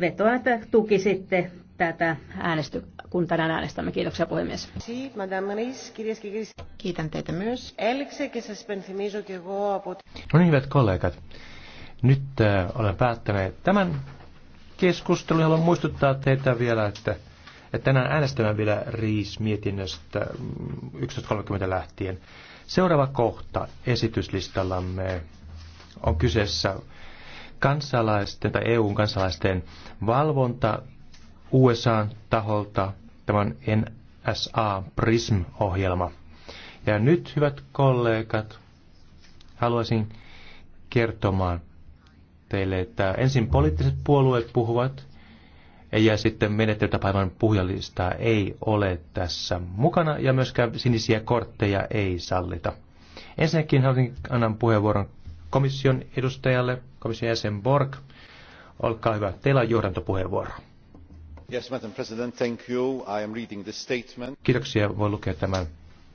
vetoa, että tukisitte tätä äänesty, kun tänään äänestämme. Kiitoksia puhemies. Kiitän teitä myös. No niin, hyvät kollegat. Nyt äh, olen päättänyt tämän keskustelun. Haluan muistuttaa teitä vielä, että, että tänään äänestämme vielä Riis-mietinnöstä 11.30 mm, lähtien. Seuraava kohta esityslistallamme on kyseessä kansalaisten tai EUn kansalaisten valvonta usa taholta, tämä on NSA PRISM-ohjelma. Ja nyt, hyvät kollegat, haluaisin kertomaan teille, että ensin poliittiset puolueet puhuvat, ja sitten menettelytapaivan puhujalistaa ei ole tässä mukana, ja myöskään sinisiä kortteja ei sallita. Ensinnäkin haluaisin annan puheenvuoron komission edustajalle, komission jäsen Borg. Olkaa hyvä, teillä on johdantopuheenvuoro. Yes, Madam President, thank you. I am reading the statement. Kiitoksia, voi lukea tämän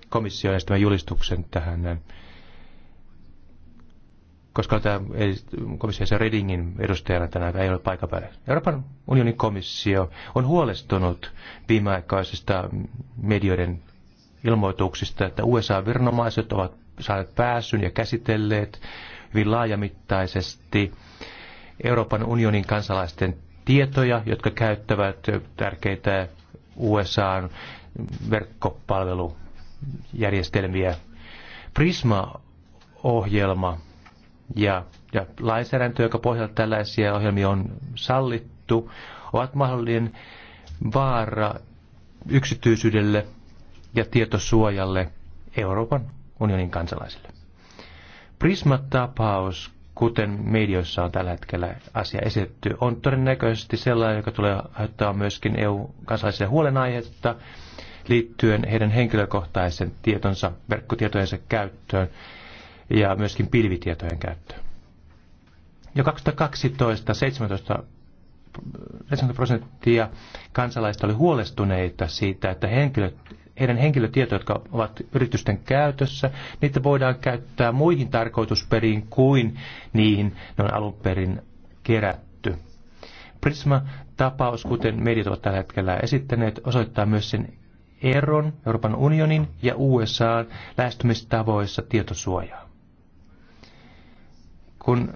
komission esittämän julistuksen tähän eh, koska tämä jäsen Redingin edustajana tänään ei ole paikan päällä. Euroopan unionin komissio on huolestunut viimeaikaisista medioiden ilmoituksista, että USA-viranomaiset ovat saaneet pääsyn ja käsitelleet hyvin laajamittaisesti Euroopan unionin kansalaisten tietoja, jotka käyttävät tärkeitä USAn verkkopalvelujärjestelmiä. Prisma-ohjelma ja, ja lainsäädäntö, joka pohjalta tällaisia ohjelmia on sallittu, ovat mahdollinen vaara yksityisyydelle ja tietosuojalle Euroopan unionin kansalaisille. Prisma-tapaus, kuten medioissa on tällä hetkellä asia esitetty, on todennäköisesti sellainen, joka tulee aiheuttaa myöskin EU-kansalaisille huolenaihetta liittyen heidän henkilökohtaisen tietonsa, verkkotietojensa käyttöön ja myöskin pilvitietojen käyttöön. Jo 2012 17 prosenttia kansalaista oli huolestuneita siitä, että henkilöt, heidän henkilötietoja, jotka ovat yritysten käytössä, niitä voidaan käyttää muihin tarkoitusperiin kuin niihin ne on alun perin kerätty. Prisma-tapaus, kuten mediat ovat tällä hetkellä esittäneet, osoittaa myös sen eron Euroopan unionin ja USA lähestymistavoissa tietosuojaa. Kun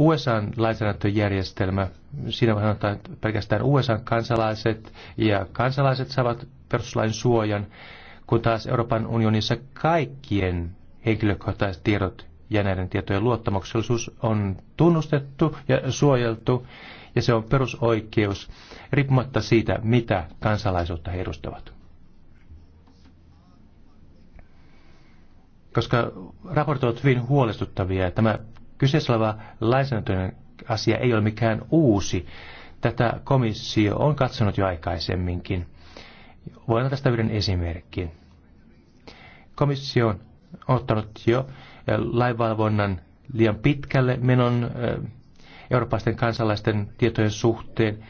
USA-lainsäädäntöjärjestelmä, siinä voi sanotaan, että pelkästään USA-kansalaiset ja kansalaiset saavat perustuslain suojan, kun taas Euroopan unionissa kaikkien henkilökohtaiset tiedot ja näiden tietojen luottamuksellisuus on tunnustettu ja suojeltu, ja se on perusoikeus, riippumatta siitä, mitä kansalaisuutta he edustavat. Koska raportit ovat hyvin huolestuttavia, ja tämä Kyseessä oleva lainsäädäntöinen asia ei ole mikään uusi. Tätä komissio on katsonut jo aikaisemminkin. Voin antaa tästä yhden esimerkin. Komissio on ottanut jo eh, lainvalvonnan liian pitkälle menon eh, eurooppalaisten kansalaisten tietojen suhteen.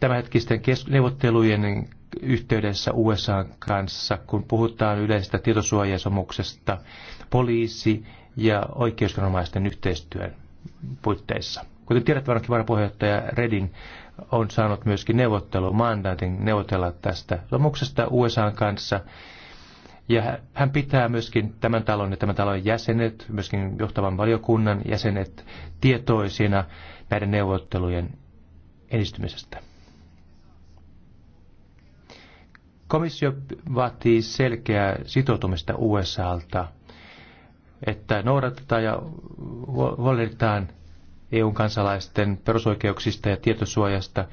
Tämänhetkisten neuvottelujen yhteydessä USA kanssa, kun puhutaan yleisestä tietosuojasomuksesta, poliisi ja oikeusviranomaisten yhteistyön puitteissa. Kuten tiedät, varmasti varapuheenjohtaja Reding on saanut myöskin neuvottelu, mandaatin neuvotella tästä sopimuksesta USAn kanssa. Ja hän pitää myöskin tämän talon ja tämän talon jäsenet, myöskin johtavan valiokunnan jäsenet tietoisina näiden neuvottelujen edistymisestä. Komissio vaatii selkeää sitoutumista USAlta että noudatetaan ja huolehditaan EUn kansalaisten perusoikeuksista ja tietosuojasta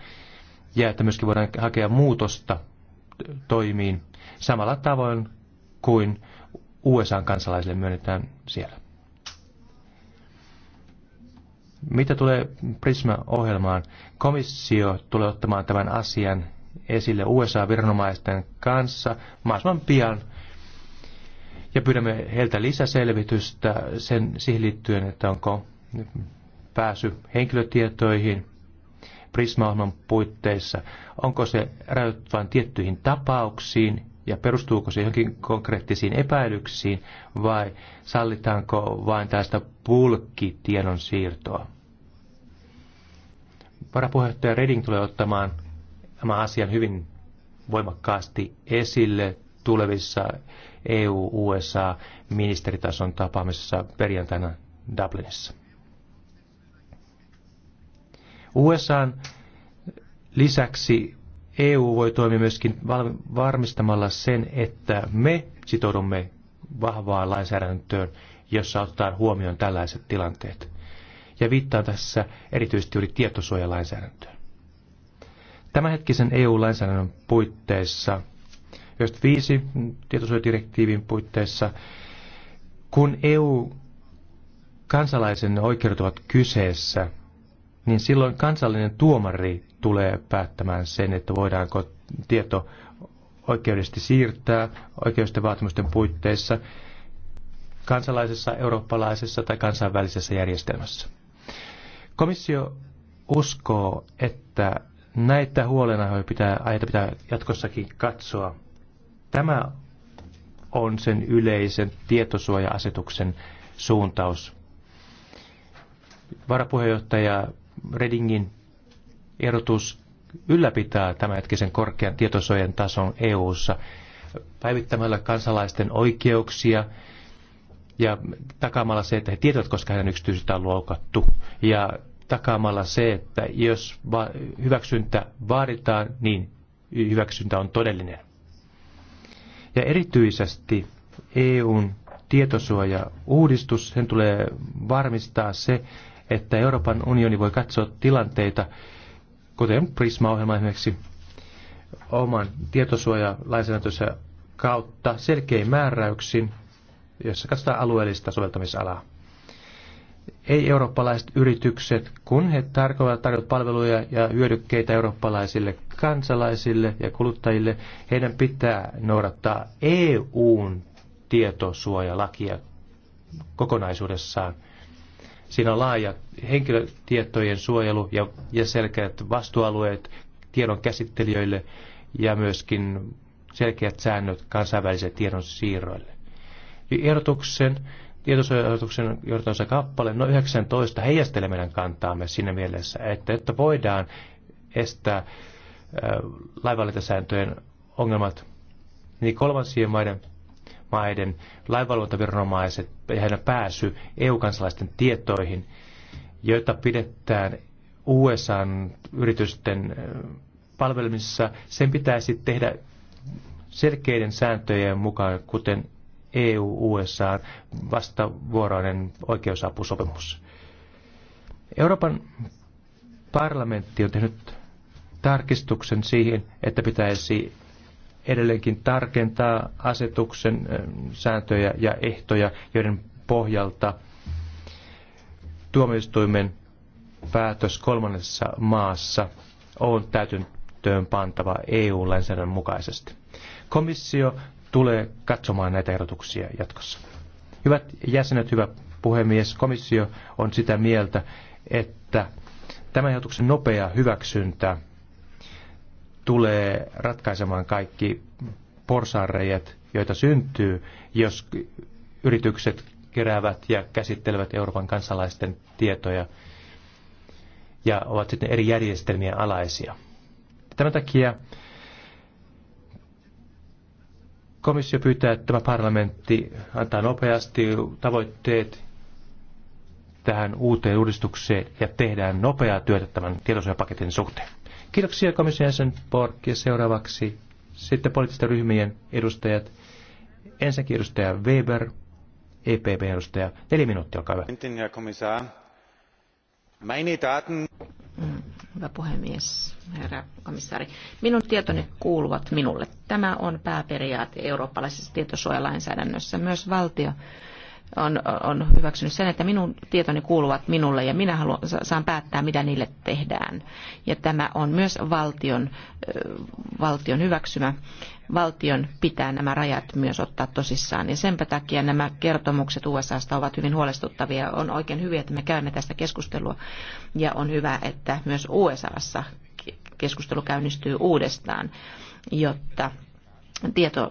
ja että myöskin voidaan hakea muutosta toimiin samalla tavoin kuin usa kansalaisille myönnetään siellä. Mitä tulee Prisma-ohjelmaan? Komissio tulee ottamaan tämän asian esille USA-viranomaisten kanssa mahdollisimman pian – ja pyydämme heiltä lisäselvitystä sen, siihen liittyen, että onko pääsy henkilötietoihin prisma puitteissa, onko se rajoittu vain tiettyihin tapauksiin ja perustuuko se johonkin konkreettisiin epäilyksiin vai sallitaanko vain tästä pulkkitiedon siirtoa. Varapuheenjohtaja Reding tulee ottamaan tämän asian hyvin voimakkaasti esille tulevissa EU-USA-ministeritason tapaamisessa perjantaina Dublinissa. USAn lisäksi EU voi toimia myöskin varmistamalla sen, että me sitoudumme vahvaan lainsäädäntöön, jossa otetaan huomioon tällaiset tilanteet. Ja viittaan tässä erityisesti juuri tietosuojalainsäädäntöön. Tämänhetkisen EU-lainsäädännön puitteissa 95 tietosuojadirektiivin puitteissa, kun EU-kansalaisen oikeudet ovat kyseessä, niin silloin kansallinen tuomari tulee päättämään sen, että voidaanko tieto oikeudellisesti siirtää oikeusten vaatimusten puitteissa kansalaisessa, eurooppalaisessa tai kansainvälisessä järjestelmässä. Komissio uskoo, että näitä huolenaiheita pitää, pitää jatkossakin katsoa Tämä on sen yleisen tietosuoja-asetuksen suuntaus. Varapuheenjohtaja Redingin erotus ylläpitää tämänhetkisen korkean tietosuojan tason EU:ssa päivittämällä kansalaisten oikeuksia ja takaamalla se, että he tietävät, koska heidän yksityisyyttä on loukattu. Ja takaamalla se, että jos hyväksyntä vaaditaan, niin hyväksyntä on todellinen. Ja erityisesti EUn tietosuoja-uudistus, sen tulee varmistaa se, että Euroopan unioni voi katsoa tilanteita, kuten Prisma-ohjelma esimerkiksi, oman tietosuojalainsäädäntönsä kautta selkein määräyksin, jossa katsotaan alueellista soveltamisalaa ei-eurooppalaiset yritykset, kun he tarkoittavat tarjota palveluja ja hyödykkeitä eurooppalaisille kansalaisille ja kuluttajille, heidän pitää noudattaa EUn tietosuojalakia kokonaisuudessaan. Siinä on laaja henkilötietojen suojelu ja, ja selkeät vastuualueet tiedon käsittelijöille ja myöskin selkeät säännöt kansainvälisille tiedon siirroille. Ehdotuksen tietosuojelutuksen johtonsa kappale, no 19, heijastelee meidän kantaamme siinä mielessä, että, että voidaan estää äh, laivallintasääntöjen ongelmat, niin kolmansien maiden, maiden laivallintaviranomaiset ja heidän pääsy EU-kansalaisten tietoihin, joita pidetään usa yritysten äh, palvelimissa, sen pitäisi tehdä selkeiden sääntöjen mukaan, kuten EU-USA vastavuoroinen oikeusapusopimus. Euroopan parlamentti on tehnyt tarkistuksen siihen, että pitäisi edelleenkin tarkentaa asetuksen sääntöjä ja ehtoja, joiden pohjalta tuomioistuimen päätös kolmannessa maassa on täytyntöön pantava EU-lainsäädännön mukaisesti. Komissio tulee katsomaan näitä erotuksia jatkossa. Hyvät jäsenet, hyvä puhemies, komissio on sitä mieltä, että tämän ehdotuksen nopea hyväksyntä tulee ratkaisemaan kaikki porsaanreijät, joita syntyy, jos yritykset keräävät ja käsittelevät Euroopan kansalaisten tietoja ja ovat sitten eri järjestelmien alaisia. Tämän takia Komissio pyytää, että tämä parlamentti antaa nopeasti tavoitteet tähän uuteen uudistukseen ja tehdään nopeaa työtä tämän tietosuojapaketin suhteen. Kiitoksia komission jäsen Borg ja seuraavaksi sitten poliittisten ryhmien edustajat. Ensinnäkin edustaja Weber, EPP-edustaja. Neljä minuuttia, olkaa hyvä. Meine Daten Hyvä puhemies, herra komissaari. Minun tietoni kuuluvat minulle. Tämä on pääperiaate eurooppalaisessa tietosuojalainsäädännössä. Myös valtio on, on hyväksynyt sen, että minun tietoni kuuluvat minulle ja minä haluan, saan päättää, mitä niille tehdään. Ja tämä on myös valtion, valtion hyväksymä. Valtion pitää nämä rajat myös ottaa tosissaan. Ja sen takia nämä kertomukset USAsta ovat hyvin huolestuttavia. On oikein hyvä, että me käymme tästä keskustelua. Ja on hyvä, että myös USAssa keskustelu käynnistyy uudestaan, jotta tieto,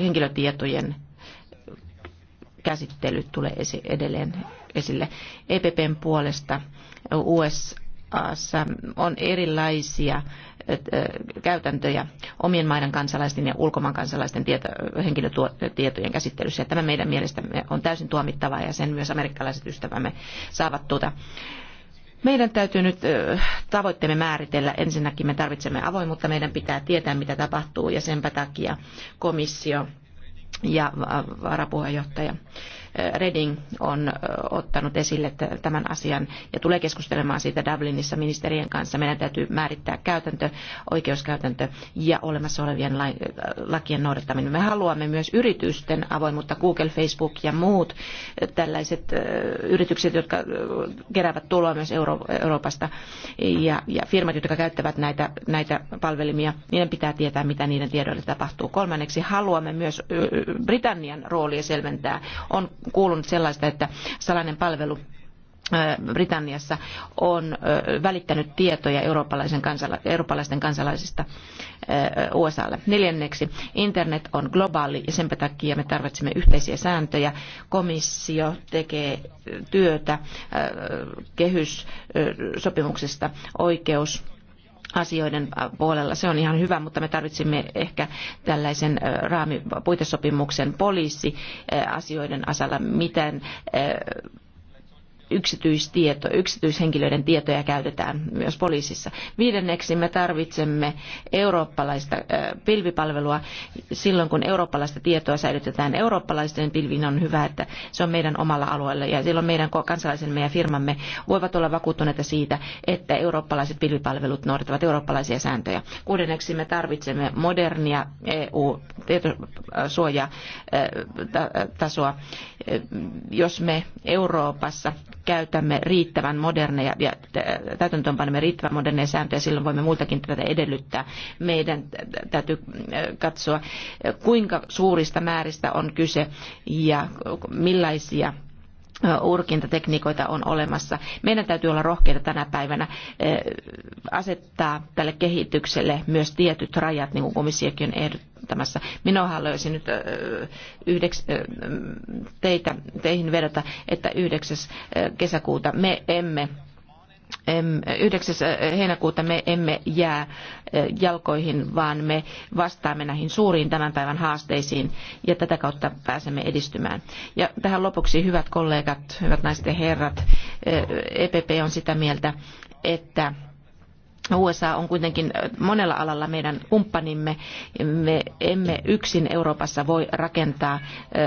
henkilötietojen käsittely tulee esi- edelleen esille. EPPn puolesta USA on erilaisia käytäntöjä omien maiden kansalaisten ja ulkomaan kansalaisten tieto, henkilötietojen käsittelyssä. Ja tämä meidän mielestämme on täysin tuomittavaa ja sen myös amerikkalaiset ystävämme saavat tuota meidän täytyy nyt tavoitteemme määritellä. Ensinnäkin me tarvitsemme avoimuutta, meidän pitää tietää mitä tapahtuu ja senpä takia komissio ja varapuheenjohtaja. Reding on ottanut esille tämän asian ja tulee keskustelemaan siitä Dublinissa ministerien kanssa. Meidän täytyy määrittää käytäntö, oikeuskäytäntö ja olemassa olevien lakien noudattaminen. Me haluamme myös yritysten avoimuutta, Google, Facebook ja muut tällaiset yritykset, jotka keräävät tuloa myös Euroopasta ja, ja firmat, jotka käyttävät näitä, näitä palvelimia, niiden pitää tietää, mitä niiden tiedoille tapahtuu. Kolmanneksi haluamme myös Britannian roolia selventää. On kuulunut sellaista, että salainen palvelu Britanniassa on välittänyt tietoja eurooppalaisten kansalaisista USAlle. Neljänneksi, internet on globaali ja sen takia me tarvitsemme yhteisiä sääntöjä. Komissio tekee työtä kehyssopimuksesta oikeus asioiden äh, puolella. Se on ihan hyvä, mutta me tarvitsemme ehkä tällaisen äh, raami, puitesopimuksen poliisiasioiden äh, asalla, miten yksityistieto, yksityishenkilöiden tietoja käytetään myös poliisissa. Viidenneksi me tarvitsemme eurooppalaista pilvipalvelua. Silloin kun eurooppalaista tietoa säilytetään eurooppalaisten pilviin, on hyvä, että se on meidän omalla alueella. Ja silloin meidän kansalaisemme ja firmamme voivat olla vakuuttuneita siitä, että eurooppalaiset pilvipalvelut noudattavat eurooppalaisia sääntöjä. Kuudenneksi me tarvitsemme modernia EU-tietosuojatasoa. Jos me Euroopassa käytämme riittävän moderneja ja täytäntöönpanemme riittävän moderneja sääntöjä, silloin voimme muiltakin tätä edellyttää. Meidän täytyy äh, katsoa, kuinka suurista määristä on kyse ja millaisia urkintatekniikoita on olemassa. Meidän täytyy olla rohkeita tänä päivänä asettaa tälle kehitykselle myös tietyt rajat, niin kuin komissiokin on ehdottamassa. Minä haluaisin nyt yhdeks, teitä, teihin vedota, että 9. kesäkuuta me emme 9. Eh, heinäkuuta me emme jää eh, jalkoihin, vaan me vastaamme näihin suuriin tämän päivän haasteisiin ja tätä kautta pääsemme edistymään. Ja tähän lopuksi hyvät kollegat, hyvät naiset ja herrat, EPP eh, e on sitä mieltä, että USA on kuitenkin monella alalla meidän kumppanimme. Me emme yksin Euroopassa voi rakentaa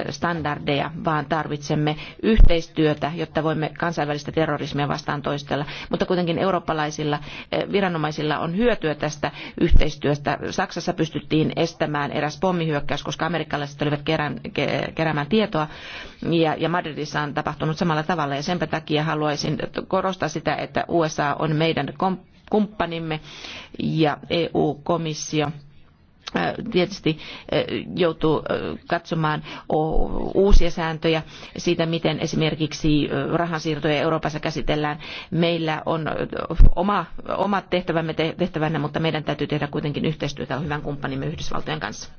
standardeja, vaan tarvitsemme yhteistyötä, jotta voimme kansainvälistä terrorismia vastaan toistella. Mutta kuitenkin eurooppalaisilla viranomaisilla on hyötyä tästä yhteistyöstä. Saksassa pystyttiin estämään eräs pommihyökkäys, koska amerikkalaiset olivat keräämään tietoa, ja Madridissa on tapahtunut samalla tavalla. Ja senpä takia haluaisin korostaa sitä, että USA on meidän komppanimme kumppanimme ja EU-komissio äh, tietysti äh, joutuu äh, katsomaan uusia sääntöjä siitä, miten esimerkiksi rahansiirtoja Euroopassa käsitellään. Meillä on oma, omat tehtävämme tehtävänä, mutta meidän täytyy tehdä kuitenkin yhteistyötä hyvän kumppanimme Yhdysvaltojen kanssa.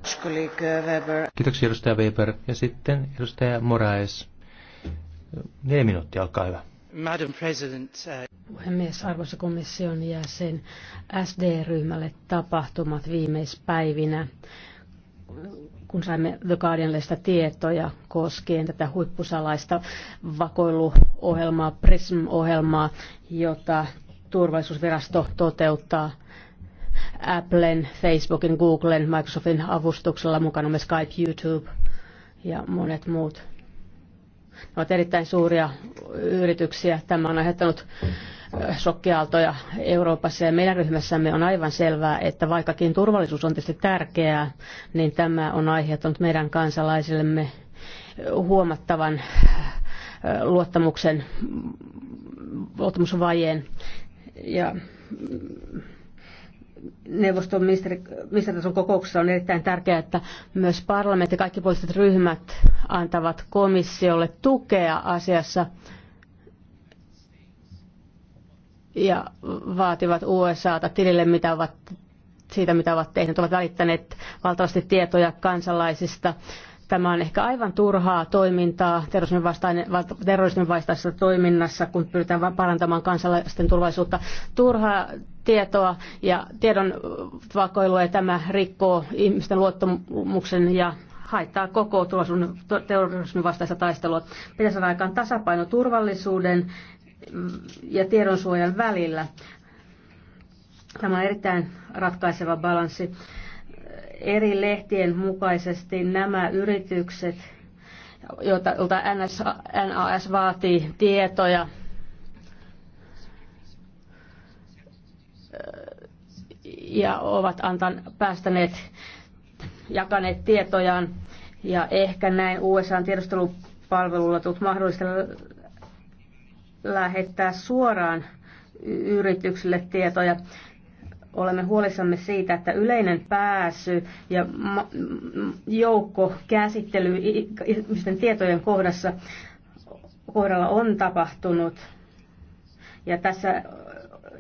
Kiitoksia edustaja Weber. Ja sitten edustaja Moraes. Neljä minuuttia, olkaa hyvä. Madam President, uh, Puhemies, arvoisa komission jäsen, SD-ryhmälle tapahtumat viimeispäivinä kun saimme The Guardianista tietoja koskien tätä huippusalaista vakoiluohjelmaa, PRISM-ohjelmaa, jota turvallisuusvirasto toteuttaa Applen, Facebookin, Googlen, Microsoftin avustuksella, mukana myös Skype, YouTube ja monet muut ne ovat erittäin suuria yrityksiä. Tämä on aiheuttanut sokkialtoja Euroopassa ja meidän ryhmässämme on aivan selvää, että vaikkakin turvallisuus on tietysti tärkeää, niin tämä on aiheuttanut meidän kansalaisillemme huomattavan luottamuksen, luottamusvajeen ja neuvoston ministeritason kokouksessa on erittäin tärkeää, että myös parlamentti ja kaikki poliittiset ryhmät antavat komissiolle tukea asiassa ja vaativat USAta tilille, mitä ovat, siitä mitä ovat tehneet. Ovat välittäneet valtavasti tietoja kansalaisista. Tämä on ehkä aivan turhaa toimintaa terrorismin, terrorismin vastaisessa toiminnassa, kun pyritään parantamaan kansalaisten turvallisuutta. Turhaa tietoa ja tiedon vakoilua ja tämä rikkoo ihmisten luottamuksen ja haittaa koko terrorismin vastaista taistelua. Pitäisi saada aikaan tasapaino turvallisuuden ja tiedonsuojan välillä. Tämä on erittäin ratkaiseva balanssi. Eri lehtien mukaisesti nämä yritykset, joilta NAS vaatii tietoja ja ovat antan, päästäneet, jakaneet tietojaan ja ehkä näin USAn tiedostelupalvelulla tullut mahdollista lähettää suoraan yrityksille tietoja. Olemme huolissamme siitä, että yleinen pääsy ja joukko käsittely ihmisten tietojen kohdassa kohdalla on tapahtunut. Ja tässä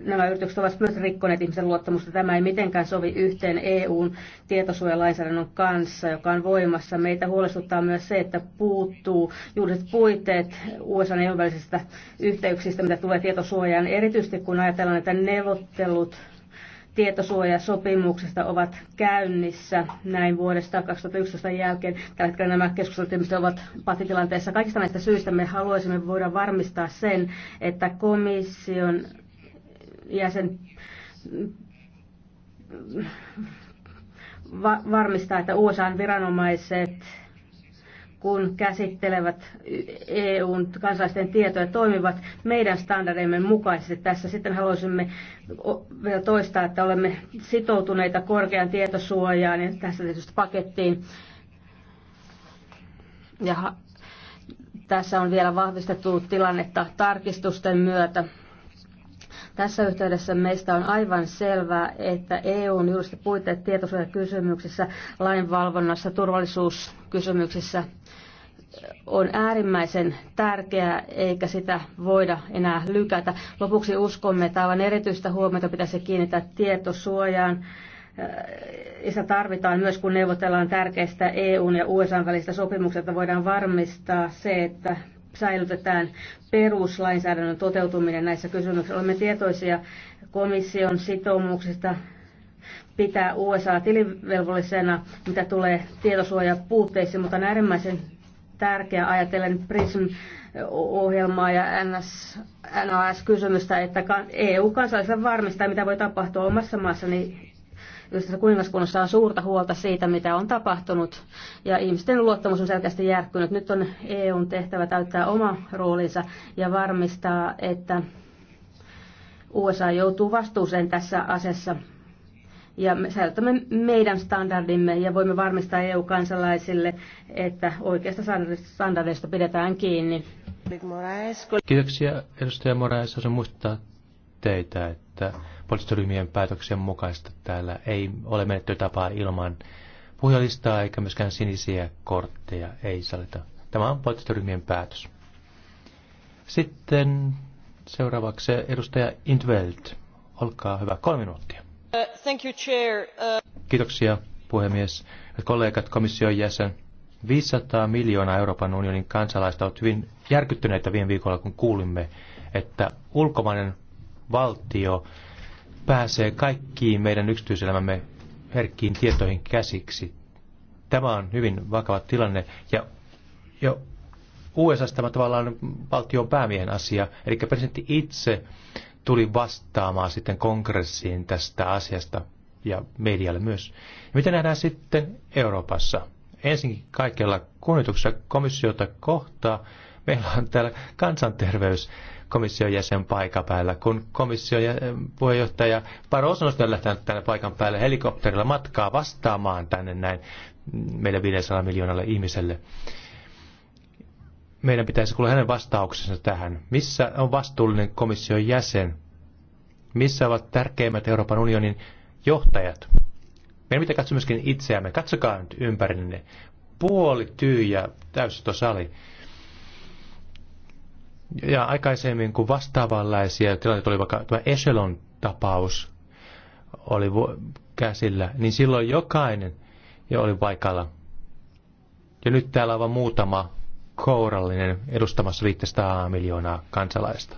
nämä yritykset ovat myös rikkoneet ihmisen luottamusta. Tämä ei mitenkään sovi yhteen EUn tietosuojalainsäädännön kanssa, joka on voimassa. Meitä huolestuttaa myös se, että puuttuu juuriset puitteet USA ja välisistä yhteyksistä, mitä tulee tietosuojaan. Erityisesti kun ajatellaan, että neuvottelut tietosuojasopimuksesta ovat käynnissä näin vuodesta 2011 jälkeen. Tällä hetkellä nämä keskustelut ovat pattitilanteessa. Kaikista näistä syistä me haluaisimme voida varmistaa sen, että komission sen va- varmistaa, että USAn viranomaiset kun käsittelevät EUn kansalaisten tietoja, toimivat meidän standardeimme mukaisesti. Tässä sitten haluaisimme vielä toistaa, että olemme sitoutuneita korkean tietosuojaan ja tässä tietysti pakettiin. Ja tässä on vielä vahvistettu tilannetta tarkistusten myötä. Tässä yhteydessä meistä on aivan selvää, että EUn juuri puitteet tietosuojakysymyksissä, lainvalvonnassa, turvallisuuskysymyksissä on äärimmäisen tärkeää, eikä sitä voida enää lykätä. Lopuksi uskomme, että aivan erityistä huomiota pitäisi kiinnittää tietosuojaan. Äh, sitä tarvitaan myös, kun neuvotellaan tärkeistä EUn ja USA välistä sopimuksesta, voidaan varmistaa se, että säilytetään peruslainsäädännön toteutuminen näissä kysymyksissä. Olemme tietoisia komission sitoumuksista pitää USA tilivelvollisena, mitä tulee tietosuoja puutteisiin, mutta on äärimmäisen tärkeää ajatellen PRISM-ohjelmaa ja NAS-kysymystä, että EU kansalaisille varmistaa, mitä voi tapahtua omassa maassani yhdessä kuningaskunnassa on suurta huolta siitä, mitä on tapahtunut, ja ihmisten luottamus on selkeästi järkkynyt. Nyt on EUn tehtävä täyttää oma roolinsa ja varmistaa, että USA joutuu vastuuseen tässä asiassa ja me säilytämme meidän standardimme ja voimme varmistaa EU-kansalaisille, että oikeasta standardista pidetään kiinni. Kiitoksia edustaja Moraes, jos muistuttaa teitä, että poliittiryhmien päätöksen mukaista. Täällä ei ole tapaa ilman puhujalistaa eikä myöskään sinisiä kortteja ei salita. Tämä on poliittiryhmien päätös. Sitten seuraavaksi edustaja Intveld. Olkaa hyvä, kolme minuuttia. Uh, thank you, chair. Uh... Kiitoksia, puhemies. Kollegat, komission jäsen. 500 miljoonaa Euroopan unionin kansalaista ovat hyvin järkyttyneitä viime viikolla, kun kuulimme, että ulkomainen valtio pääsee kaikkiin meidän yksityiselämämme herkkiin tietoihin käsiksi. Tämä on hyvin vakava tilanne ja jo USA tämä tavallaan valtion päämiehen asia, eli presidentti itse tuli vastaamaan sitten kongressiin tästä asiasta ja medialle myös. Mitä nähdään sitten Euroopassa? Ensinnäkin kaikella kunnioituksella komissiota kohtaa meillä on täällä kansanterveys komission jäsen paikan päällä, kun komission puheenjohtaja Barroso on lähtenyt tänne paikan päälle helikopterilla matkaa vastaamaan tänne näin meidän 500 miljoonalle ihmiselle. Meidän pitäisi kuulla hänen vastauksensa tähän. Missä on vastuullinen komission jäsen? Missä ovat tärkeimmät Euroopan unionin johtajat? Meidän pitää katsoa myöskin itseämme. Katsokaa nyt ympärillenne. Puoli tyhjä täysistösali. sali ja aikaisemmin, kun vastaavanlaisia tilanteita oli vaikka tämä Echelon-tapaus oli käsillä, niin silloin jokainen jo oli paikalla. Ja nyt täällä on vain muutama kourallinen edustamassa 500 miljoonaa kansalaista.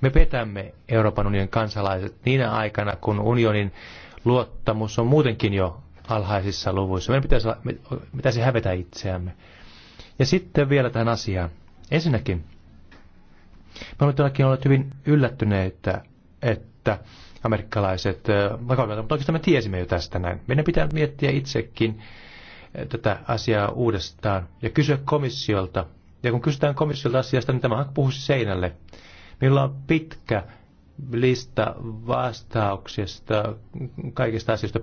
Me petämme Euroopan unionin kansalaiset niinä aikana, kun unionin luottamus on muutenkin jo alhaisissa luvuissa. Meidän pitäisi, me pitäisi hävetä itseämme. Ja sitten vielä tähän asiaan. Ensinnäkin, me olemme todellakin olleet hyvin yllättyneitä, että amerikkalaiset vakavat, äh, mutta oikeastaan me tiesimme jo tästä näin. Meidän pitää miettiä itsekin äh, tätä asiaa uudestaan ja kysyä komissiolta. Ja kun kysytään komissiolta asiasta, niin tämähän puhuisi seinälle. Meillä on pitkä lista vastauksista, kaikista asioista,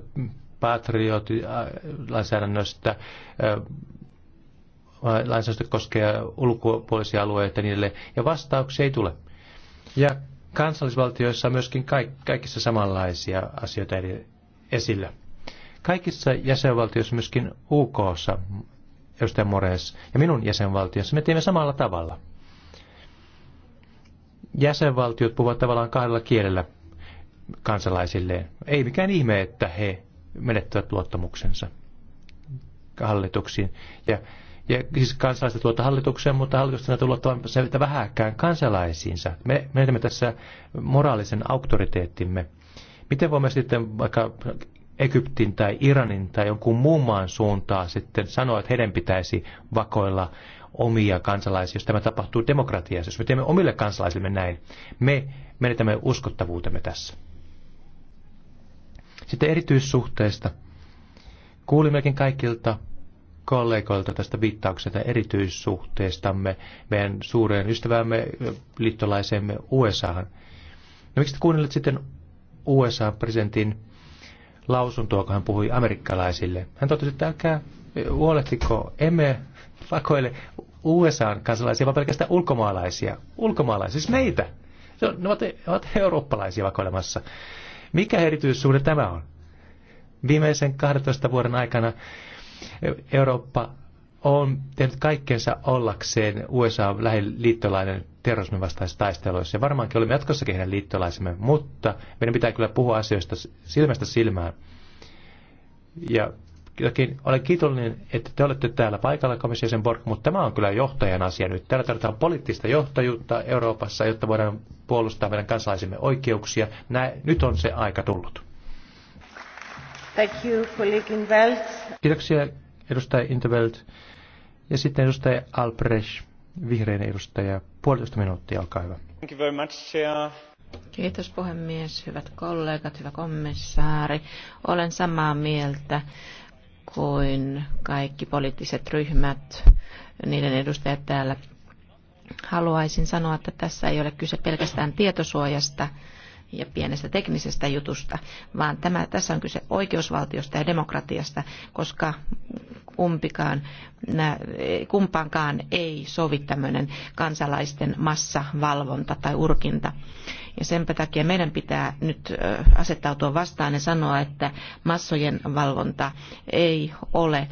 patriotilainsäädännöstä, äh, lainsäädännöstä lainsäädäntö koskee ulkopuolisia alueita ja niille, ja vastauksia ei tule. Ja kansallisvaltioissa on myöskin kaikissa samanlaisia asioita esillä. Kaikissa jäsenvaltioissa, myöskin UKssa, edustaja Mores, ja minun jäsenvaltiossa, me teemme samalla tavalla. Jäsenvaltiot puhuvat tavallaan kahdella kielellä kansalaisilleen. Ei mikään ihme, että he menettävät luottamuksensa hallituksiin. Ja ja siis kansalaiset luottaa hallitukseen, mutta hallitus ei luottaa selitä vähäkään kansalaisiinsa. Me menemme tässä moraalisen auktoriteettimme. Miten voimme sitten vaikka Egyptin tai Iranin tai jonkun muun maan suuntaa sitten sanoa, että heidän pitäisi vakoilla omia kansalaisia, jos tämä tapahtuu demokratiassa, jos me teemme omille kansalaisille näin, me menetämme uskottavuutemme tässä. Sitten erityissuhteista. Kuulimmekin kaikilta kollegoilta tästä viittauksesta erityissuhteestamme meidän suureen ystävämme, liittolaisemme USAhan. No miksi te kuunnelit sitten USA-presidentin lausuntoa, kun hän puhui amerikkalaisille? Hän totesi, että älkää huolehtiko, emme vakoile USAn kansalaisia, vaan pelkästään ulkomaalaisia. Ulkomaalaisia, siis meitä. Ne ovat, ovat eurooppalaisia vakoilemassa. Mikä erityissuhde tämä on? Viimeisen 12 vuoden aikana Eurooppa on tehnyt kaikkensa ollakseen USA liittolainen terrorismin vastaisissa taisteluissa. Ja varmaankin olemme jatkossakin heidän liittolaisemme, mutta meidän pitää kyllä puhua asioista silmästä silmään. Ja jotenkin olen kiitollinen, että te olette täällä paikalla, komissiosen Borg, mutta tämä on kyllä johtajan asia nyt. Täällä tarvitaan poliittista johtajuutta Euroopassa, jotta voidaan puolustaa meidän kansalaisemme oikeuksia. Nä, nyt on se aika tullut. Thank you, colleague Invelt. Kiitoksia edustaja Intervelt. Ja sitten edustaja Albrecht, vihreän edustaja. Puolitoista minuuttia, olkaa hyvä. Thank you very much, Chair. Kiitos puhemies, hyvät kollegat, hyvä komissaari. Olen samaa mieltä kuin kaikki poliittiset ryhmät, niiden edustajat täällä. Haluaisin sanoa, että tässä ei ole kyse pelkästään tietosuojasta, ja pienestä teknisestä jutusta, vaan tämä, tässä on kyse oikeusvaltiosta ja demokratiasta, koska kumpikaan, kumpaankaan ei sovi tämmöinen kansalaisten massavalvonta tai urkinta. Ja senpä takia meidän pitää nyt asettautua vastaan ja sanoa, että massojen valvonta ei ole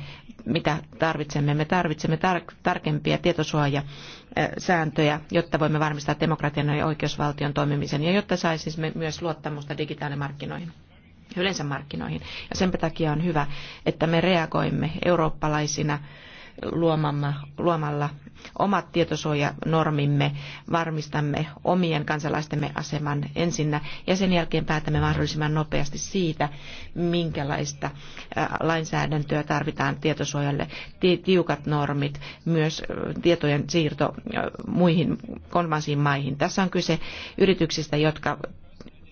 mitä tarvitsemme. Me tarvitsemme tar- tarkempia tietosuojasääntöjä, jotta voimme varmistaa demokratian ja oikeusvaltion toimimisen ja jotta saisimme myös luottamusta digitaalimarkkinoihin yleensä markkinoihin. Ja sen takia on hyvä, että me reagoimme eurooppalaisina luomalla omat tietosuojanormimme varmistamme omien kansalaistemme aseman ensinnä ja sen jälkeen päätämme mahdollisimman nopeasti siitä, minkälaista lainsäädäntöä tarvitaan tietosuojalle. Tiukat normit, myös tietojen siirto muihin kolmansiin maihin. Tässä on kyse yrityksistä, jotka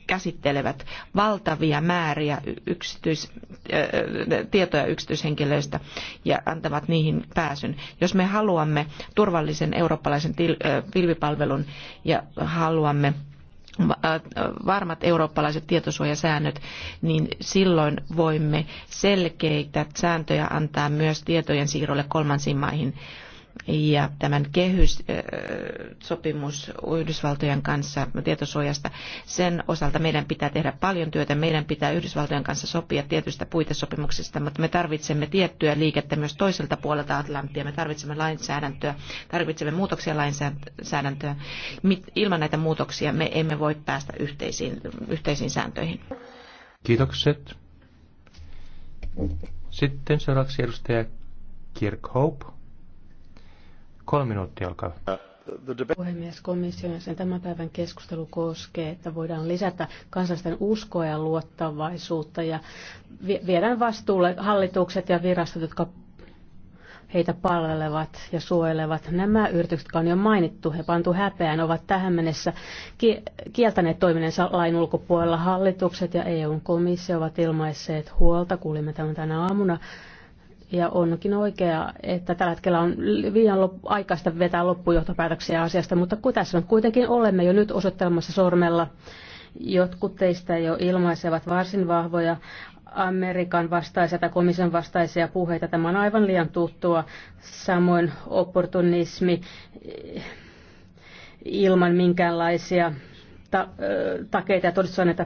käsittelevät valtavia määriä yksityis, tietoja yksityishenkilöistä ja antavat niihin pääsyn. Jos me haluamme turvallisen eurooppalaisen pilvipalvelun ja haluamme varmat eurooppalaiset tietosuojasäännöt, niin silloin voimme selkeitä sääntöjä antaa myös tietojen siirrolle kolmansiin maihin ja tämän kehyssopimus Yhdysvaltojen kanssa tietosuojasta, sen osalta meidän pitää tehdä paljon työtä. Meidän pitää Yhdysvaltojen kanssa sopia tietystä puitesopimuksista, mutta me tarvitsemme tiettyä liikettä myös toiselta puolelta Atlanttia. Me tarvitsemme lainsäädäntöä, tarvitsemme muutoksia lainsäädäntöä. Ilman näitä muutoksia me emme voi päästä yhteisiin, yhteisiin sääntöihin. Kiitokset. Sitten seuraavaksi edustaja Hope Kolme minuuttia, olkaa hyvä. Puhemies, komission jäsen, tämän päivän keskustelu koskee, että voidaan lisätä kansalaisten uskoa ja luottavaisuutta ja viedään vastuulle hallitukset ja virastot, jotka heitä palvelevat ja suojelevat. Nämä yritykset, jotka on jo mainittu ja pantu häpeään, ovat tähän mennessä kieltäneet toiminensa lain ulkopuolella. Hallitukset ja eu komissio ovat ilmaisseet huolta, kuulimme tämän tänä aamuna, ja onkin oikea, että tällä hetkellä on liian lop- aikaista vetää loppujohtopäätöksiä asiasta, mutta tässä on kuitenkin olemme jo nyt osoittelemassa sormella. Jotkut teistä jo ilmaisevat varsin vahvoja Amerikan vastaisia tai komission vastaisia puheita. Tämä on aivan liian tuttua. Samoin opportunismi eh, ilman minkäänlaisia ta- takeita ja todistusaineita,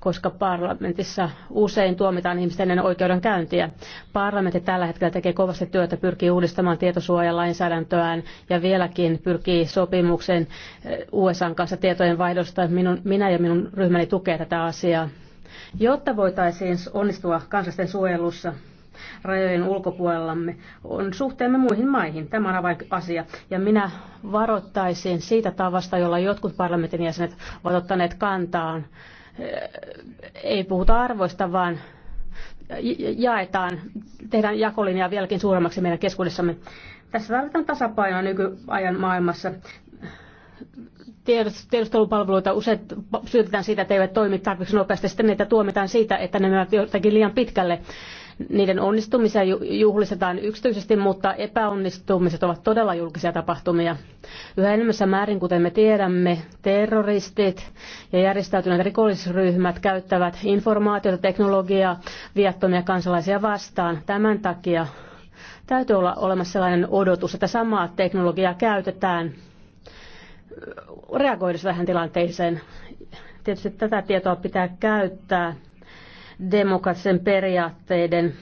koska parlamentissa usein tuomitaan ihmisten ennen oikeudenkäyntiä. Parlamentti tällä hetkellä tekee kovasti työtä, pyrkii uudistamaan tietosuojalainsäädäntöään ja vieläkin pyrkii sopimuksen USA kanssa tietojen vaihdosta. Minun, minä ja minun ryhmäni tukee tätä asiaa. Jotta voitaisiin onnistua kansallisten suojelussa, rajojen ulkopuolellamme on suhteemme muihin maihin. Tämä on asia. Ja minä varoittaisin siitä tavasta, jolla jotkut parlamentin jäsenet ovat ottaneet kantaan. Ei puhuta arvoista, vaan jaetaan, tehdään jakolinjaa vieläkin suuremmaksi meidän keskuudessamme. Tässä tarvitaan tasapainoa nykyajan maailmassa tiedustelupalveluita usein syytetään siitä, että eivät toimi tarpeeksi nopeasti, sitten niitä tuomitaan siitä, että ne menevät jotenkin liian pitkälle. Niiden onnistumisia juhlistetaan yksityisesti, mutta epäonnistumiset ovat todella julkisia tapahtumia. Yhä enemmässä määrin, kuten me tiedämme, terroristit ja järjestäytyneet rikollisryhmät käyttävät informaatiota, teknologiaa viattomia kansalaisia vastaan. Tämän takia täytyy olla olemassa sellainen odotus, että samaa teknologiaa käytetään reagoidessa tähän tilanteeseen. Tietysti tätä tietoa pitää käyttää demokratisen periaatteiden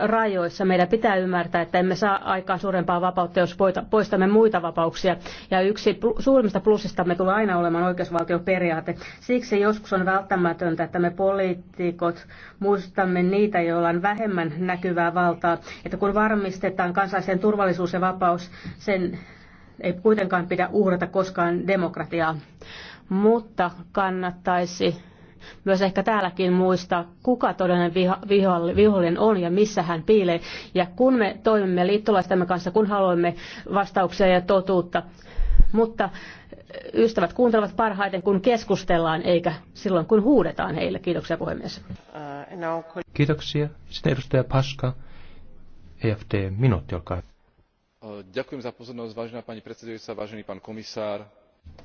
rajoissa. Meidän pitää ymmärtää, että emme saa aikaa suurempaa vapautta, jos poistamme muita vapauksia. Ja yksi suurimmista me tulee aina olemaan oikeusvaltioperiaate. Siksi joskus on välttämätöntä, että me poliitikot muistamme niitä, joilla on vähemmän näkyvää valtaa. Että kun varmistetaan kansalaisen turvallisuus ja vapaus, sen ei kuitenkaan pidä uhrata koskaan demokratiaa. Mutta kannattaisi myös ehkä täälläkin muistaa, kuka todellinen viha, vihollinen on ja missä hän piilee. Ja kun me toimimme liittolaistamme kanssa, kun haluamme vastauksia ja totuutta, mutta ystävät kuuntelevat parhaiten, kun keskustellaan, eikä silloin, kun huudetaan heille. Kiitoksia puhemies. Kiitoksia. Sitten edustaja Paska, eft minuutti, olkaa hyvä.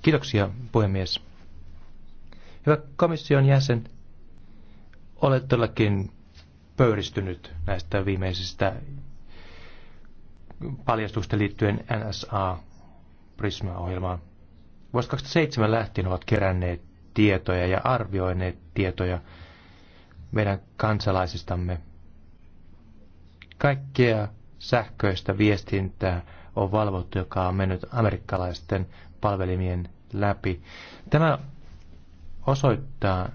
Kiitoksia, puhemies. Hyvä komission jäsen, olet todellakin pöyristynyt näistä viimeisistä paljastuksista liittyen NSA Prisma-ohjelmaan. Vuosi 2007 lähtien ovat keränneet tietoja ja arvioineet tietoja meidän kansalaisistamme. Kaikkea sähköistä viestintää on valvottu, joka on mennyt amerikkalaisten palvelimien läpi. Tämä osoittaa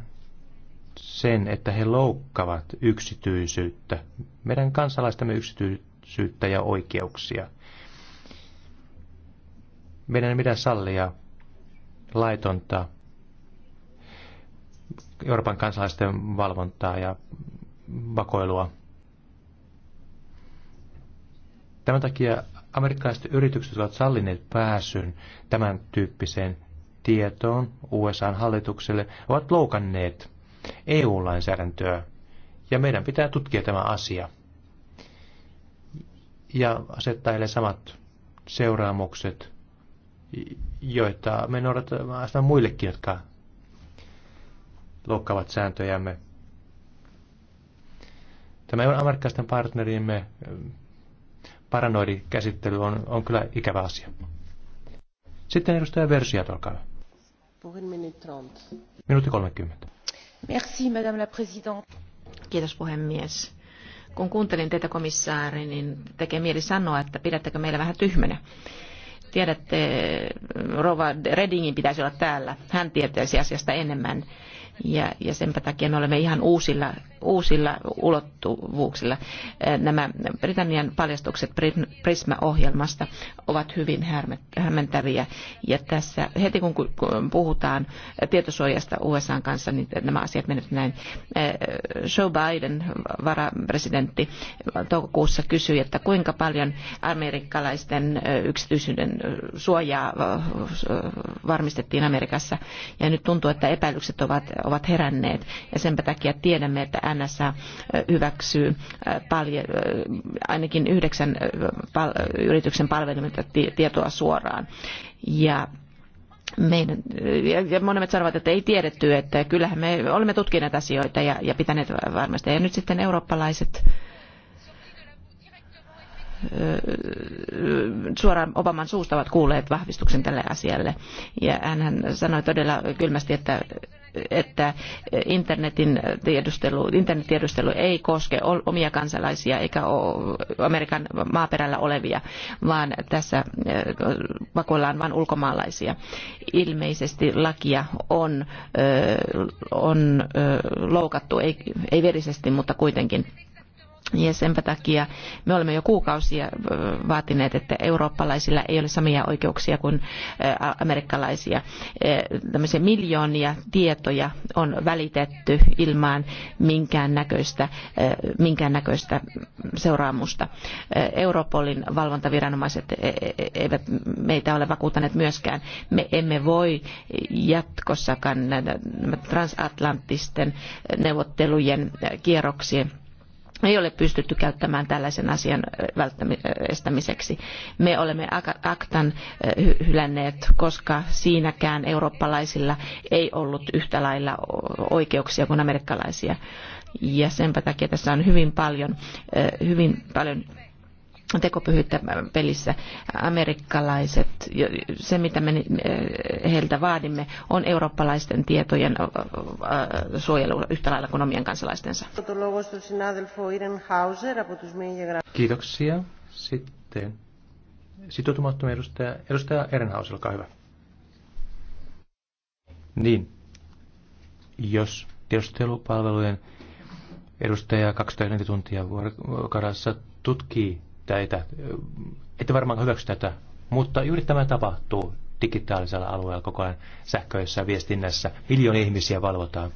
sen, että he loukkavat yksityisyyttä, meidän kansalaistamme yksityisyyttä ja oikeuksia. Meidän ei pidä sallia laitonta Euroopan kansalaisten valvontaa ja vakoilua. Tämän takia amerikkalaiset yritykset ovat sallineet pääsyn tämän tyyppiseen tietoon USAn hallitukselle ovat loukanneet EU-lainsäädäntöä ja meidän pitää tutkia tämä asia ja asettaa heille samat seuraamukset, joita me noudatamme muillekin, jotka loukkaavat sääntöjämme. Tämä on amerikkalaisten partnerimme paranoidi käsittely on, on kyllä ikävä asia. Sitten edustaja Versiat, olkaa hyvä. Minuutti 30. Merci, madame la présidente. Kiitos puhemies. Kun kuuntelin teitä komissaari, niin tekee mieli sanoa, että pidättekö meillä vähän tyhmänä tiedätte, Rova Redingin pitäisi olla täällä. Hän tietäisi asiasta enemmän. Ja, ja senpä takia me olemme ihan uusilla, uusilla ulottuvuuksilla. Nämä Britannian paljastukset Prisma-ohjelmasta ovat hyvin hämmentäviä. Ja tässä heti kun puhutaan tietosuojasta USAn kanssa, niin nämä asiat menevät näin. Joe Biden, varapresidentti, toukokuussa kysyi, että kuinka paljon amerikkalaisten yksityisyyden suojaa varmistettiin Amerikassa. Ja nyt tuntuu, että epäilykset ovat ovat heränneet. Ja sen takia tiedämme, että NSA hyväksyy ainakin yhdeksän yrityksen palveluita tietoa suoraan. Ja meidän, ja monet sanovat, että ei tiedetty, että kyllähän me olemme tutkineet asioita ja, ja pitäneet varmasti. Ja nyt sitten eurooppalaiset suoraan Obaman suusta ovat kuulleet vahvistuksen tälle asialle. Ja hänhän sanoi todella kylmästi, että että internetin tiedustelu, internettiedustelu ei koske omia kansalaisia eikä Amerikan maaperällä olevia, vaan tässä vakoillaan vain ulkomaalaisia. Ilmeisesti lakia on, on loukattu, ei, ei verisesti, mutta kuitenkin ja senpä takia me olemme jo kuukausia vaatineet, että eurooppalaisilla ei ole samoja oikeuksia kuin amerikkalaisia. Tämmöisiä miljoonia tietoja on välitetty ilman minkäännäköistä, minkäännäköistä seuraamusta. Europolin valvontaviranomaiset e, e, eivät meitä ole vakuuttaneet myöskään. Me emme voi jatkossakaan näitä transatlanttisten neuvottelujen kierroksien ei ole pystytty käyttämään tällaisen asian estämiseksi. Me olemme aktan hylänneet, koska siinäkään eurooppalaisilla ei ollut yhtä lailla oikeuksia kuin amerikkalaisia. Ja sen takia tässä on hyvin paljon, hyvin paljon tekopyhyyttä pelissä. Amerikkalaiset, se mitä me heiltä vaadimme, on eurooppalaisten tietojen suojelu yhtä lailla kuin omien kansalaistensa. Kiitoksia. Sitten sitoutumattomia edustaja, edustaja Erenhaus, olkaa hyvä. Niin, jos tiedustelupalvelujen edustaja 24 tuntia vuorokaudessa tutkii että että varmaan hyväksy tätä, mutta juuri tämä tapahtuu digitaalisella alueella koko ajan sähköisessä viestinnässä. Miljoonia ihmisiä valvotaan.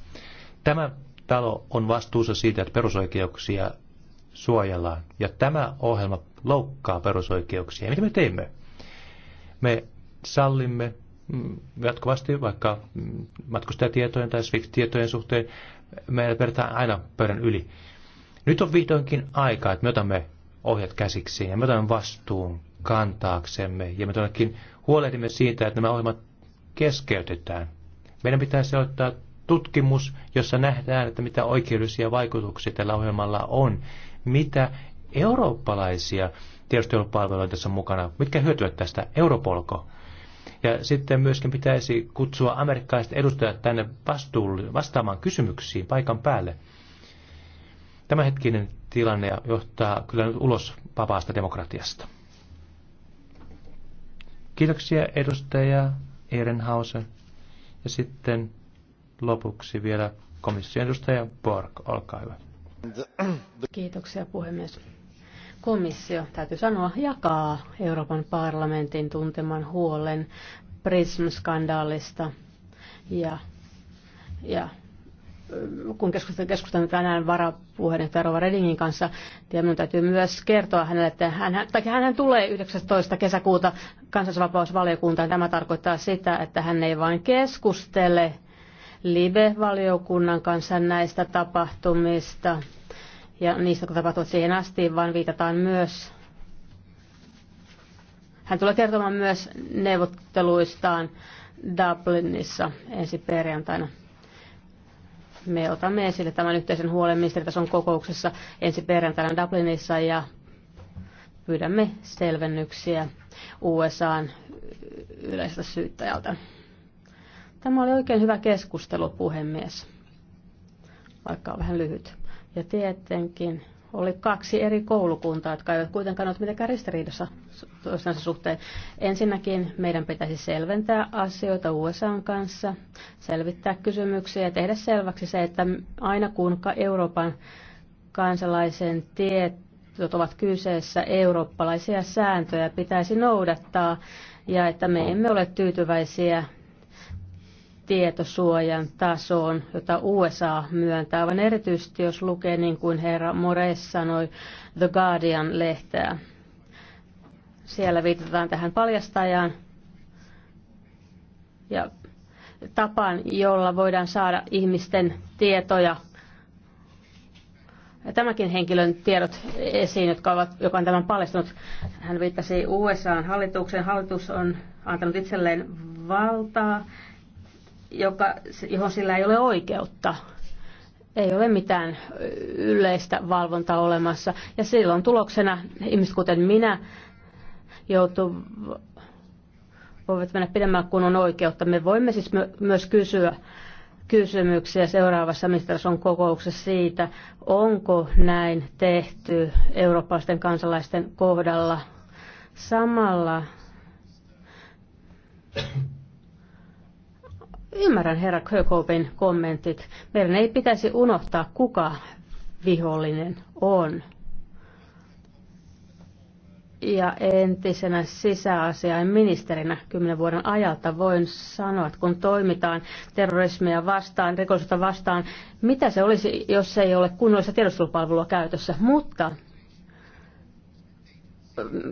Tämä talo on vastuussa siitä, että perusoikeuksia suojellaan. Ja tämä ohjelma loukkaa perusoikeuksia. Ja mitä me teimme? Me sallimme mm, jatkuvasti vaikka mm, matkustajatietojen tai SWIFT-tietojen suhteen, meidän vertaan aina pöydän yli. Nyt on vihdoinkin aika, että me otamme ohjat käsiksi ja me otamme vastuun kantaaksemme ja me todellakin huolehdimme siitä, että nämä ohjelmat keskeytetään. Meidän pitäisi ottaa tutkimus, jossa nähdään, että mitä oikeudellisia vaikutuksia tällä ohjelmalla on, mitä eurooppalaisia tiedustelupalveluita tässä on mukana, mitkä hyötyvät tästä, Europolko. Ja sitten myöskin pitäisi kutsua amerikkalaiset edustajat tänne vastuulle, vastaamaan kysymyksiin paikan päälle. Tämänhetkinen tilanne johtaa kyllä nyt ulos vapaasta demokratiasta. Kiitoksia edustaja Ehrenhausen. Ja sitten lopuksi vielä komission edustaja Borg, olkaa hyvä. Kiitoksia puhemies. Komissio, täytyy sanoa, jakaa Euroopan parlamentin tunteman huolen PRISM-skandaalista ja, ja kun keskustelin tänään varapuheiden Tarova Redingin kanssa, ja minun täytyy myös kertoa hänelle, että hän, tai hän tulee 19. kesäkuuta kansallisvapausvaliokuntaan. Tämä tarkoittaa sitä, että hän ei vain keskustele live-valiokunnan kanssa näistä tapahtumista ja niistä, kun tapahtuvat siihen asti, vaan viitataan myös hän tulee kertomaan myös neuvotteluistaan Dublinissa ensi perjantaina. Me otamme esille tämän yhteisen huolen ministeritason kokouksessa ensi perjantaina Dublinissa ja pyydämme selvennyksiä USAn yleisestä syyttäjältä. Tämä oli oikein hyvä keskustelu, puhemies, vaikka on vähän lyhyt. Ja tietenkin oli kaksi eri koulukuntaa, jotka eivät kuitenkaan ole mitenkään ristiriidassa toistensa suhteen. Ensinnäkin meidän pitäisi selventää asioita USAn kanssa, selvittää kysymyksiä ja tehdä selväksi se, että aina kun Euroopan kansalaisen tiedot ovat kyseessä, eurooppalaisia sääntöjä pitäisi noudattaa ja että me emme ole tyytyväisiä tietosuojan tasoon, jota USA myöntää, vaan erityisesti jos lukee niin kuin herra Mores sanoi The Guardian-lehteä. Siellä viitataan tähän paljastajaan ja tapaan, jolla voidaan saada ihmisten tietoja ja tämäkin henkilön tiedot esiin, jotka ovat, joka on tämän paljastanut. Hän viittasi USAn hallituksen. Hallitus on antanut itselleen valtaa joka, johon sillä ei ole oikeutta. Ei ole mitään yleistä valvontaa olemassa. Ja silloin tuloksena ihmiset, kuten minä, joutuu, voivat mennä pidemmälle kuin on oikeutta. Me voimme siis myös kysyä kysymyksiä seuraavassa on kokouksessa siitä, onko näin tehty eurooppalaisten kansalaisten kohdalla. Samalla Ymmärrän herra Kökopin kommentit. Meidän ei pitäisi unohtaa, kuka vihollinen on. Ja entisenä sisäasiain ministerinä kymmenen vuoden ajalta voin sanoa, että kun toimitaan terrorismia vastaan, rikollisuutta vastaan, mitä se olisi, jos ei ole kunnollista tiedustelupalvelua käytössä. Mutta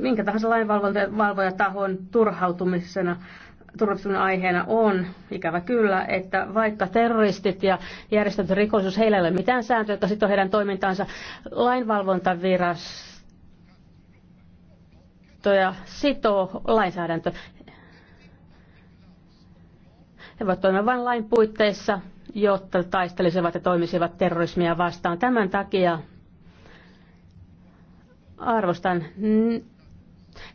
minkä tahansa lainvalvojatahon turhautumisena turvallisuuden aiheena on, ikävä kyllä, että vaikka terroristit ja järjestetty rikollisuus, heillä ei ole mitään sääntöjä, jotka sitoo heidän toimintaansa, lainvalvontavirastoja sitoo lainsäädäntö. He voivat toimia vain lain puitteissa, jotta taistelisivat ja toimisivat terrorismia vastaan. Tämän takia arvostan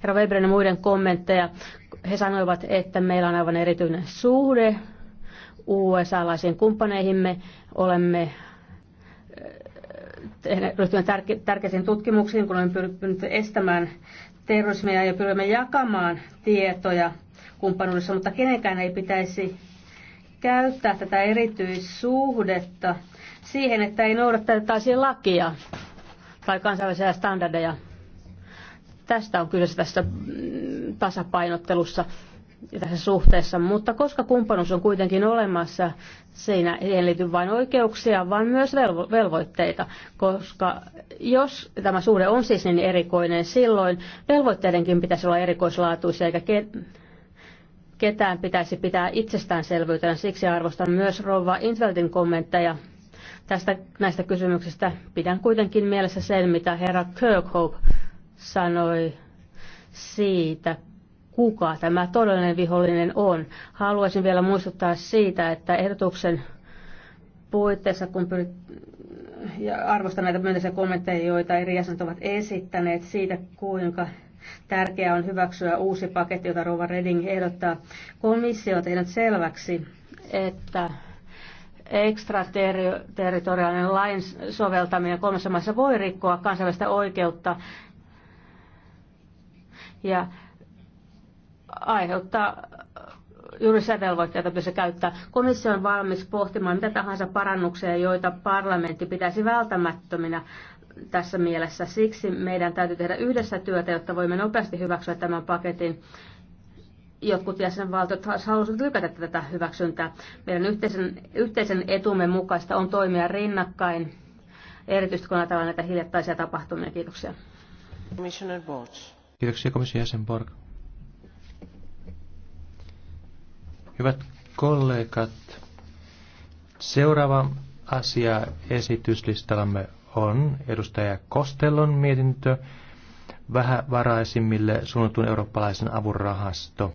herra Weberin ja muiden kommentteja he sanoivat, että meillä on aivan erityinen suhde USA-laisiin kumppaneihimme. Olemme ryhtyneet tärkeisiin tutkimuksiin, kun olemme pyrkineet estämään terrorismia ja pyrimme jakamaan tietoja kumppanuudessa, mutta kenenkään ei pitäisi käyttää tätä erityissuhdetta siihen, että ei noudattaisi lakia tai kansainvälisiä standardeja. Tästä on kyse tässä mm, tasapainottelussa ja tässä suhteessa, mutta koska kumppanuus on kuitenkin olemassa, siinä ei liity vain oikeuksia, vaan myös velvo- velvoitteita, koska jos tämä suhde on siis niin erikoinen, silloin velvoitteidenkin pitäisi olla erikoislaatuisia, eikä ke- ketään pitäisi pitää itsestäänselvyytenä. Siksi arvostan myös Rova Intveltin kommentteja tästä näistä kysymyksistä. Pidän kuitenkin mielessä sen, mitä herra Kirkhope sanoi siitä, kuka tämä todellinen vihollinen on. Haluaisin vielä muistuttaa siitä, että ehdotuksen puitteissa, kun pyrit, ja arvostan näitä myönteisiä kommentteja, joita eri jäsenet ovat esittäneet siitä, kuinka tärkeää on hyväksyä uusi paketti, jota Rova Reding ehdottaa. Komissio on tehnyt selväksi, että ekstraterritoriaalinen lain soveltaminen kolmessa maassa voi rikkoa kansainvälistä oikeutta ja aiheuttaa juuri sävelvoitteita, joita se käyttää. Komissio on valmis pohtimaan mitä tahansa parannuksia, joita parlamentti pitäisi välttämättöminä tässä mielessä. Siksi meidän täytyy tehdä yhdessä työtä, jotta voimme nopeasti hyväksyä tämän paketin. Jotkut jäsenvaltiot halusivat lykätä tätä hyväksyntää. Meidän yhteisen, yhteisen etumme mukaista on toimia rinnakkain, erityisesti kun ajatellaan näitä hiljattaisia tapahtumia. Kiitoksia. Commissioner Kiitoksia komission jäsen Borg. Hyvät kollegat, seuraava asia esityslistallamme on edustaja Kostellon mietintö vähävaraisimmille suunnattuun eurooppalaisen avun rahasto.